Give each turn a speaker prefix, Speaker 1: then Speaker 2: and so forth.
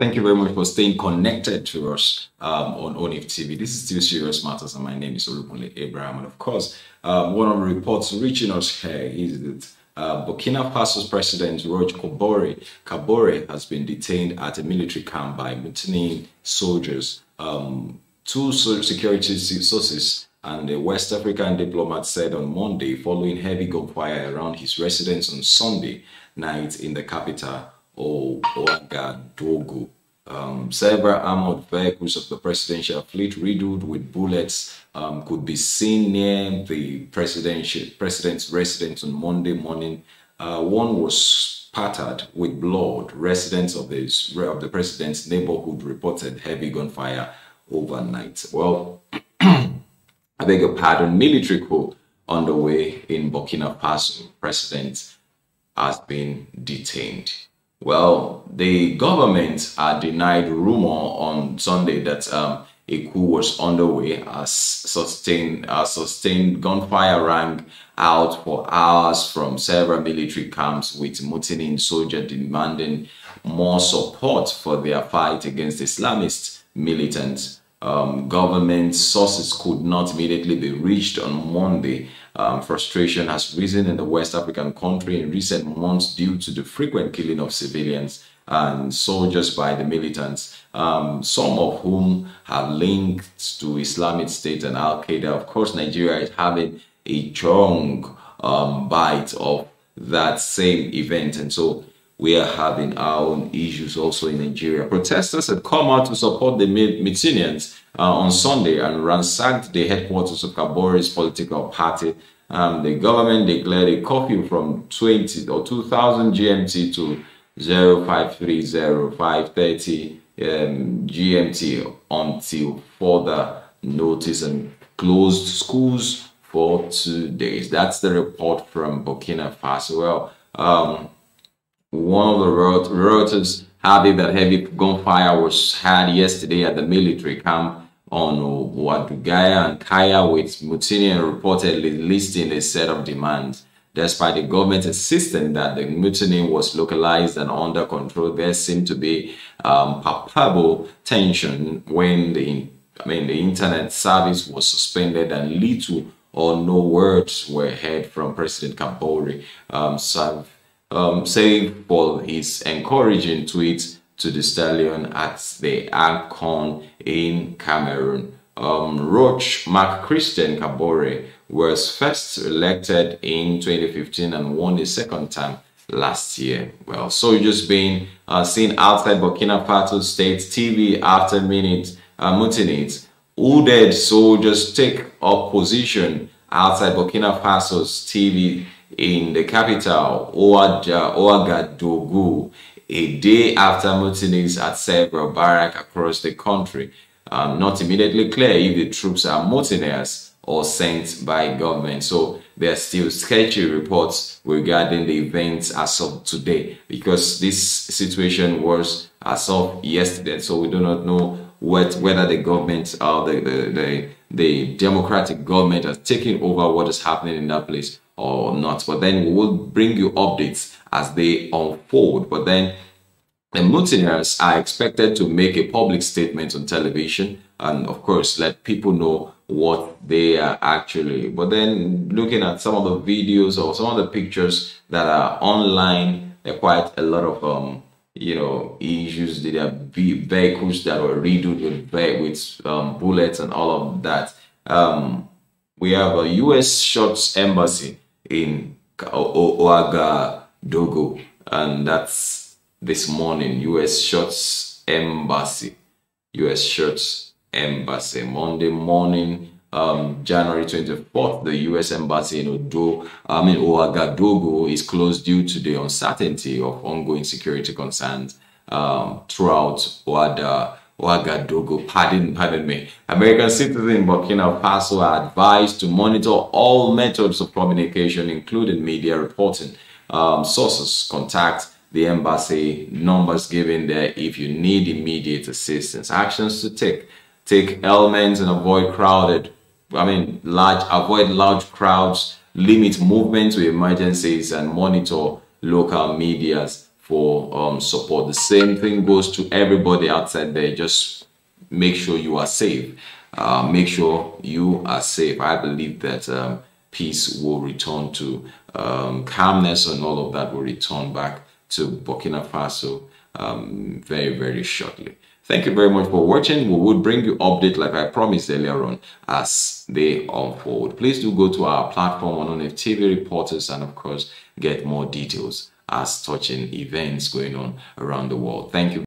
Speaker 1: Thank you very much for staying connected to us um, on ONIF TV. This is still Serious Matters, and my name is Olukunle Abraham. And of course, um, one of the reports reaching us here is that uh, Burkina Faso's president, Roch Kabore, Kabore, has been detained at a military camp by mutinying soldiers. Um, two security sources and a West African diplomat said on Monday, following heavy gunfire around his residence on Sunday night in the capital or Oaga Dogo. Um, several armored vehicles of the presidential fleet riddled with bullets um, could be seen near the presidential, president's residence on Monday morning. Uh, one was spattered with blood. Residents of, this, of the president's neighborhood reported heavy gunfire overnight. Well, I beg your pardon, military coup underway in Burkina Faso. President has been detained. Well, the government uh, denied rumor on Sunday that um, a coup was underway as uh, sustained, uh, sustained gunfire rang out for hours from several military camps with mutinying soldiers demanding more support for their fight against Islamist militants um, government sources could not immediately be reached on Monday. Um, frustration has risen in the West African country in recent months due to the frequent killing of civilians and soldiers by the militants, um, some of whom have linked to Islamic State and Al Qaeda. Of course, Nigeria is having a strong um, bite of that same event. And so we are having our own issues also in Nigeria. Protesters had come out to support the Mitsinians uh, on Sunday and ransacked the headquarters of Kabore's political party. Um, the government declared a curfew from 20 or 2000 GMT to 0530, um, GMT until further notice and closed schools for two days. That's the report from Burkina Faso. Well, um, one of the relatives, having that heavy gunfire was had yesterday at the military camp on Wadugaya and Kaya, with Mutinian reportedly listing a set of demands. Despite the government insisting that the mutiny was localized and under control, there seemed to be um, palpable tension when the I mean the internet service was suspended and little or no words were heard from President Kabori. Um, serve um, saying for his encouraging tweets to the stallion at the Alcon in Cameroon. Um, Roach Mark Christian Kabore was first elected in 2015 and won a second time last year. Well, soldiers being uh, seen outside Burkina Faso state TV after minute uh, mutinies. dead soldiers take up position outside Burkina Faso's TV in the capital, Ouagadougou, a day after mutinies at several barracks across the country. Um, not immediately clear if the troops are mutineers or sent by government. So there are still sketchy reports regarding the events as of today because this situation was as of yesterday. So we do not know what whether the government or the, the, the, the democratic government has taken over what is happening in that place or not. But then we will bring you updates as they unfold. But then the mutineers are expected to make a public statement on television and, of course, let people know what they are actually. But then looking at some of the videos or some of the pictures that are online, there are quite a lot of, um, you know, issues. There are vehicles that were riddled with, with um, bullets and all of that. Um, we have a U.S. Shots Embassy in Oaga Dogo, and that's this morning. U.S. Shorts Embassy, U.S. Shorts Embassy, Monday morning. Um, January 24th, the U.S. Embassy in Odo, I mean Ouagadougou, is closed due to the uncertainty of ongoing security concerns um, throughout Oada Ouagadougou. Pardon, pardon me. American citizens in Burkina Faso are advised to monitor all methods of communication, including media reporting, um, sources, contact the embassy, numbers given there if you need immediate assistance. Actions to take. Take elements and avoid crowded, I mean, large, avoid large crowds, limit movement to emergencies and monitor local media's for um, support. The same thing goes to everybody outside there. Just make sure you are safe. Uh, make sure you are safe. I believe that um, peace will return to um, calmness and all of that will return back to Burkina Faso um, very, very shortly. Thank you very much for watching. We will bring you update like I promised earlier on as they unfold. Please do go to our platform on NFTV Reporters and of course get more details as touching events going on around the world. Thank you.